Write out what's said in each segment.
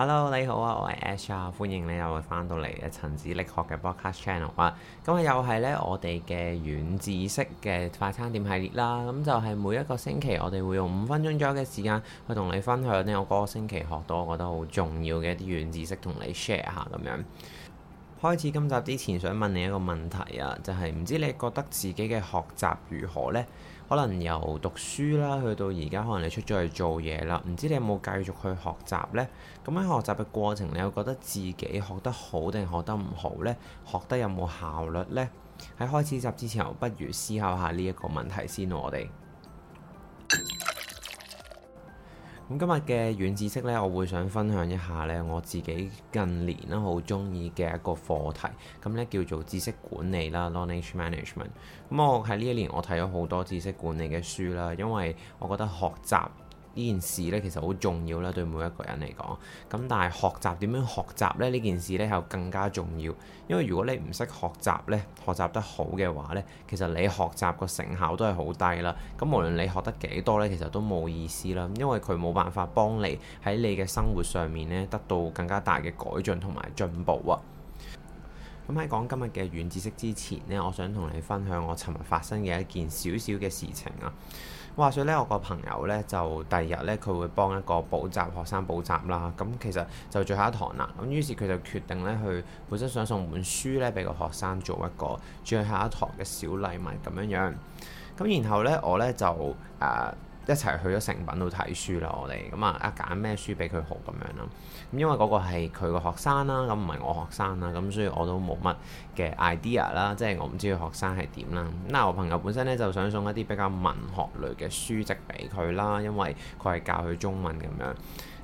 Hello，你好啊，我係 Ash 啊，歡迎你又翻到嚟《嘅陳子力學嘅 Podcast Channel》啊。咁啊，又係呢我哋嘅軟知識嘅快餐店系列啦。咁就係每一個星期，我哋會用五分鐘左右嘅時間去同你分享呢我嗰個星期學到我覺得好重要嘅一啲軟知識，同你 share 下咁樣。開始今集之前，想問你一個問題啊，就係唔知你覺得自己嘅學習如何呢？可能由讀書啦，去到而家，可能你出咗去做嘢啦。唔知你有冇繼續去學習呢？咁喺學習嘅過程，你有覺得自己學得好定學得唔好呢？學得有冇效率呢？喺開始習之前，我不如思考下呢一個問題先。我哋。咁今日嘅軟知識呢，我會想分享一下呢，我自己近年啦好中意嘅一個課題，咁呢叫做知識管理啦 （knowledge management）。咁我喺呢一年我睇咗好多知識管理嘅書啦，因為我覺得學習。呢件事咧其實好重要啦，對每一個人嚟講。咁但係學習點樣學習咧？呢件事咧又更加重要，因為如果你唔識學習咧，學習得好嘅話咧，其實你學習個成效都係好低啦。咁無論你學得幾多咧，其實都冇意思啦，因為佢冇辦法幫你喺你嘅生活上面咧得到更加大嘅改進同埋進步啊。咁喺講今日嘅軟知識之前呢，我想同你分享我尋日發生嘅一件小小嘅事情啊。話說呢，我個朋友呢，就第二日呢，佢會幫一個補習學生補習啦。咁其實就最後一堂啦。咁於是佢就決定呢，佢本身想送本書呢俾個學生做一個最後一堂嘅小禮物咁樣樣。咁然後呢，我呢就誒。呃一齊去咗成品度睇書啦，我哋咁啊，一揀咩書俾佢好咁樣啦。咁因為嗰個係佢個學生啦，咁唔係我學生啦，咁所以我都冇乜嘅 idea 啦，即係我唔知佢學生係點啦。嗱，我朋友本身咧就想送一啲比較文學類嘅書籍俾佢啦，因為佢係教佢中文咁樣。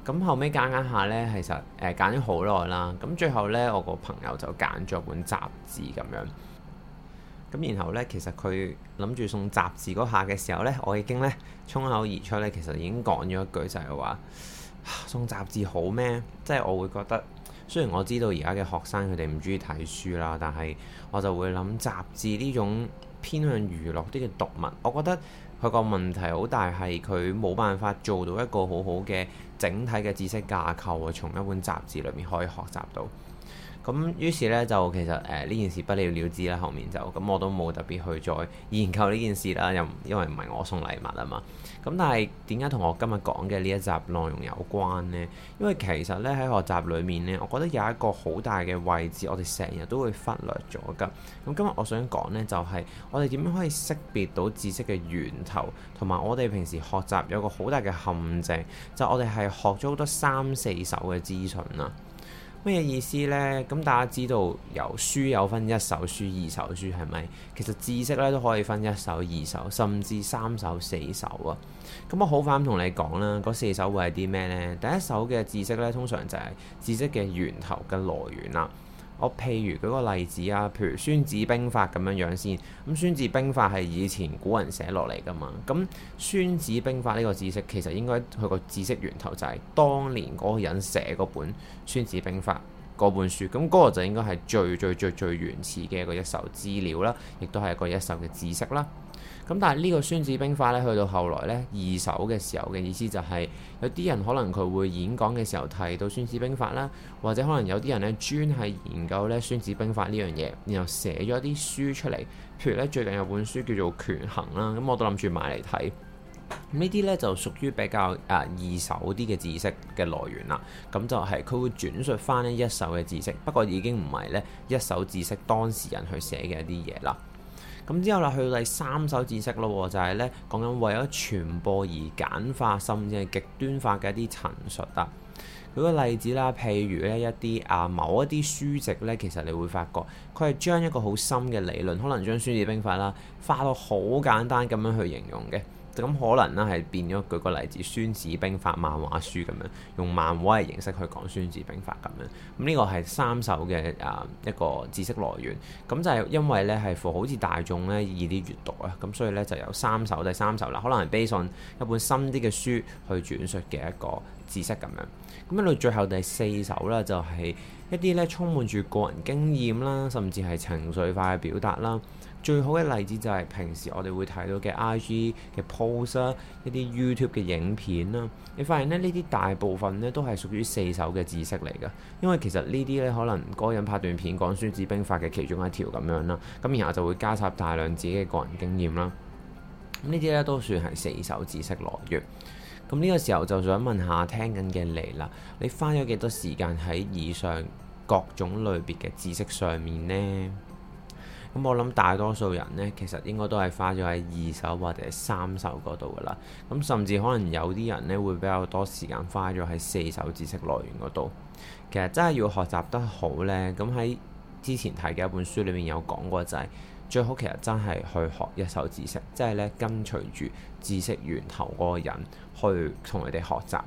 咁後尾揀揀下咧，其實誒揀咗好耐啦。咁、呃、最後咧，我個朋友就揀咗本雜誌咁樣。咁然後呢，其實佢諗住送雜誌嗰下嘅時候呢，我已經呢衝口而出呢，其實已經講咗一句，就係話送雜誌好咩？即係我會覺得，雖然我知道而家嘅學生佢哋唔中意睇書啦，但係我就會諗雜誌呢種偏向娛樂啲嘅讀物，我覺得佢個問題好大，係佢冇辦法做到一個好好嘅整體嘅知識架構啊，從一本雜誌裏面可以學習到。咁於是咧就其實誒呢、呃、件事不了了之啦，後面就咁我都冇特別去再研究呢件事啦，又因為唔係我送禮物啊嘛。咁但係點解同我今日講嘅呢一集內容有關呢？因為其實咧喺學習裡面呢，我覺得有一個好大嘅位置，我哋成日都會忽略咗㗎。咁今日我想講呢，就係、是、我哋點樣可以識別到知識嘅源頭，同埋我哋平時學習有個好大嘅陷阱，就是、我哋係學咗好多三四手嘅資訊啦。咩意思呢？咁大家知道，由書有分一手書、二手書，係咪？其實知識咧都可以分一手、二手，甚至三手、四手啊！咁、嗯、我好快同你講啦，嗰四手會係啲咩呢？第一手嘅知識呢，通常就係知識嘅源頭、嘅來源啦。我譬如舉個例子啊，譬如《孫子兵法》咁樣樣先，咁《孫子兵法》係以前古人寫落嚟噶嘛，咁《孫子兵法》呢個知識其實應該佢個知識源頭就係當年嗰個人寫嗰本《孫子兵法》。嗰本書咁嗰、那個就應該係最最最最原始嘅一個一手資料啦，亦都係一個一手嘅知識啦。咁但係呢個《孫子兵法》呢，去到後來呢，二手嘅時候嘅意思就係、是、有啲人可能佢會演講嘅時候提到《孫子兵法》啦，或者可能有啲人呢專係研究呢《孫子兵法》呢樣嘢，然後寫咗啲書出嚟，譬如呢，最近有本書叫做《權衡》啦，咁我都諗住買嚟睇。呢啲呢就屬於比較啊、呃、二手啲嘅知識嘅來源啦。咁就係佢會轉述翻呢一手嘅知識，不過已經唔係呢一手知識當事人去寫嘅一啲嘢啦。咁之後啦，去到第三手知識咯，就係、是、呢講緊為咗傳播而簡化，甚至係極端化嘅一啲陳述啊。舉個例子啦，譬如呢一啲啊某一啲書籍呢，其實你會發覺佢係將一個好深嘅理論，可能將《孫子兵法》啦，化到好簡單咁樣去形容嘅。咁可能咧係變咗，舉個例子《孫子兵法》漫畫書咁樣，用漫畫嘅形式去講《孫子兵法》咁樣。咁呢個係三手嘅誒一個知識來源。咁就係因為咧係符合好似大眾咧易啲閱讀啊，咁所以咧就有三手、第三手啦，可能 based on 一本深啲嘅書去轉述嘅一個知識咁樣。咁一路最後第四手啦，就係一啲咧充滿住個人經驗啦，甚至係情緒化嘅表達啦。最好嘅例子就係平時我哋會睇到嘅 IG 嘅 post 啦，一啲 YouTube 嘅影片啦，你發現咧呢啲大部分咧都係屬於四手嘅知識嚟嘅，因為其實呢啲咧可能個人拍段片講《孫子兵法》嘅其中一條咁樣啦，咁然後就會加插大量自己嘅個人經驗啦，咁呢啲咧都算係四手知識來源。咁、這、呢個時候就想問下聽緊嘅你啦，你花咗幾多時間喺以上各種類別嘅知識上面呢？咁我諗大多數人呢，其實應該都係花咗喺二手或者三手嗰度噶啦。咁甚至可能有啲人呢，會比較多時間花咗喺四手知識來源嗰度。其實真係要學習得好呢，咁喺之前睇嘅一本書裏面有講過，就係，就係最好其實真係去學一手知識，即係呢，跟隨住知識源頭嗰個人去同佢哋學習。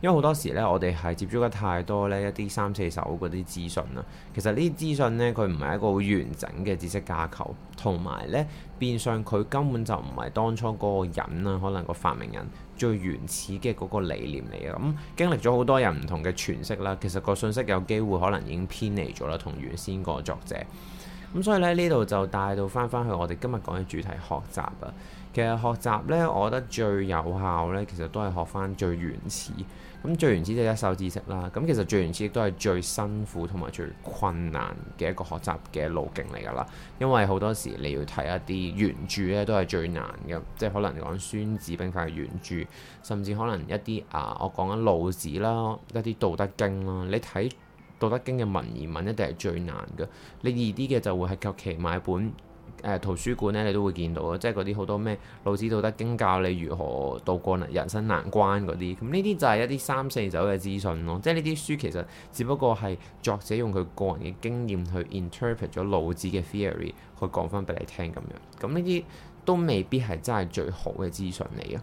因為好多時咧，我哋係接觸得太多呢一啲三四手嗰啲資訊啦。其實呢啲資訊呢，佢唔係一個好完整嘅知識架構，同埋呢，變相佢根本就唔係當初嗰個人啦，可能個發明人最原始嘅嗰個理念嚟嘅。咁、嗯、經歷咗好多人唔同嘅詮釋啦，其實個信息有機會可能已經偏離咗啦，同原先個作者。咁所以咧，呢度就帶到翻翻去我哋今日講嘅主題，學習啊。其實學習呢，我覺得最有效呢，其實都係學翻最原始。咁最原始就係一手知識啦。咁其實最原始亦都係最辛苦同埋最困難嘅一個學習嘅路徑嚟㗎啦。因為好多時你要睇一啲原著呢，都係最難嘅，即係可能講《孫子兵法》嘅原著，甚至可能一啲啊，我講緊《老子》啦，一啲《道德經》啦，你睇。《道德經》嘅文言文一定係最難嘅，你易啲嘅就會係求其買本誒、呃、圖書館咧，你都會見到咯，即係嗰啲好多咩《老子道德經》教你如何渡過人生難關嗰啲，咁呢啲就係一啲三四手嘅資訊咯，即係呢啲書其實只不過係作者用佢個人嘅經驗去 interpret 咗老子嘅 theory 去講翻俾你聽咁樣，咁呢啲都未必係真係最好嘅資訊嚟嘅。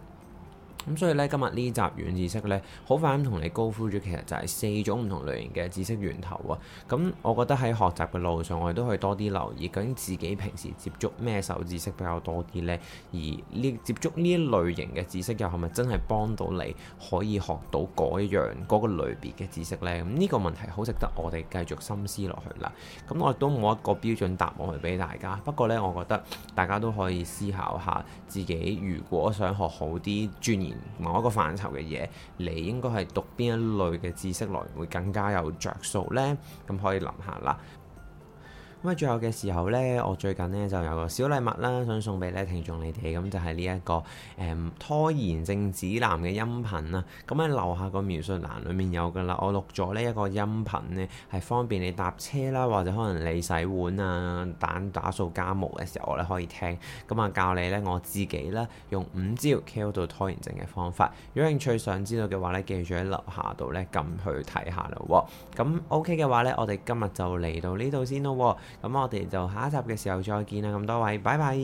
咁所以咧，今日呢集軟智識咧，好快咁同你高呼住，其實就係四種唔同類型嘅知識源頭啊！咁、嗯、我覺得喺學習嘅路上，我哋都可以多啲留意，究竟自己平時接觸咩手知識比較多啲咧？而呢接觸呢一類型嘅知識又係咪真係幫到你可以學到一樣嗰、嗰個類別嘅知識咧？咁、嗯、呢、呢個問題好值得我哋繼續深思落去啦。咁、嗯、我亦都冇一個標準答案去俾大家，不過咧，我覺得大家都可以思考下，自己如果想學好啲專業。某一個範疇嘅嘢，你應該係讀邊一類嘅知識，來會更加有着數咧？咁可以諗下啦。咁啊，最後嘅時候呢，我最近呢就有個小禮物啦，想送俾呢聽眾你哋，咁就係呢一個誒、嗯、拖延症指南嘅音頻啦。咁喺樓下個描述欄裡面有噶啦，我錄咗呢一個音頻呢，係方便你搭車啦，或者可能你洗碗啊、打打掃家務嘅時候，我咧可以聽。咁啊，教你呢，我自己呢，用五招 KO 到拖延症嘅方法。如果興趣想知道嘅話呢，記住喺樓下度呢撳去睇下咯。咁 OK 嘅話呢，我哋今日就嚟到呢度先咯。咁我哋就下一集嘅時候再見啦！咁多位，拜拜。